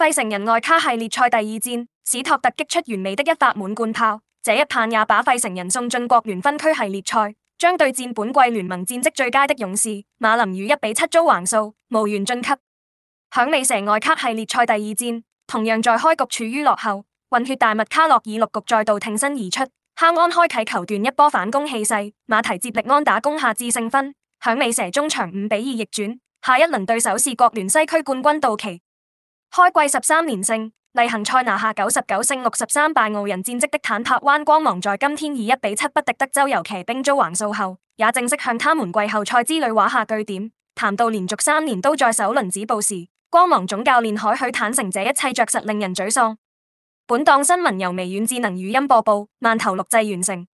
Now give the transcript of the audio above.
費城人外卡系列賽第二戰，史托特擊出完美的一發滿貫炮，這一棒也把費城人送進國聯分區系列賽，將對戰本季聯盟戰績最佳的勇士。馬林魚一比七遭橫掃，無緣晉級。響尾蛇外卡系列賽第二戰，同樣在開局處於落後，混血大物卡洛爾六局再度挺身而出，哈安開啟球段一波反攻氣勢，馬提接力安打攻下致勝分，響尾蛇終場五比二逆轉。下一輪對手是國聯西區冠軍道奇。開季十三連勝，例行賽拿下九十九勝六十三敗傲人戰績的坦帕灣光芒，在今天以一比七不敵德州遊騎兵遭橫掃後，也正式向他們季後賽之旅畫下句點。談到連續三年都在首輪止步時，光芒總教練海許坦承這一切着實令人沮喪。本檔新聞由微軟智能語音播報，曼頭錄製完成。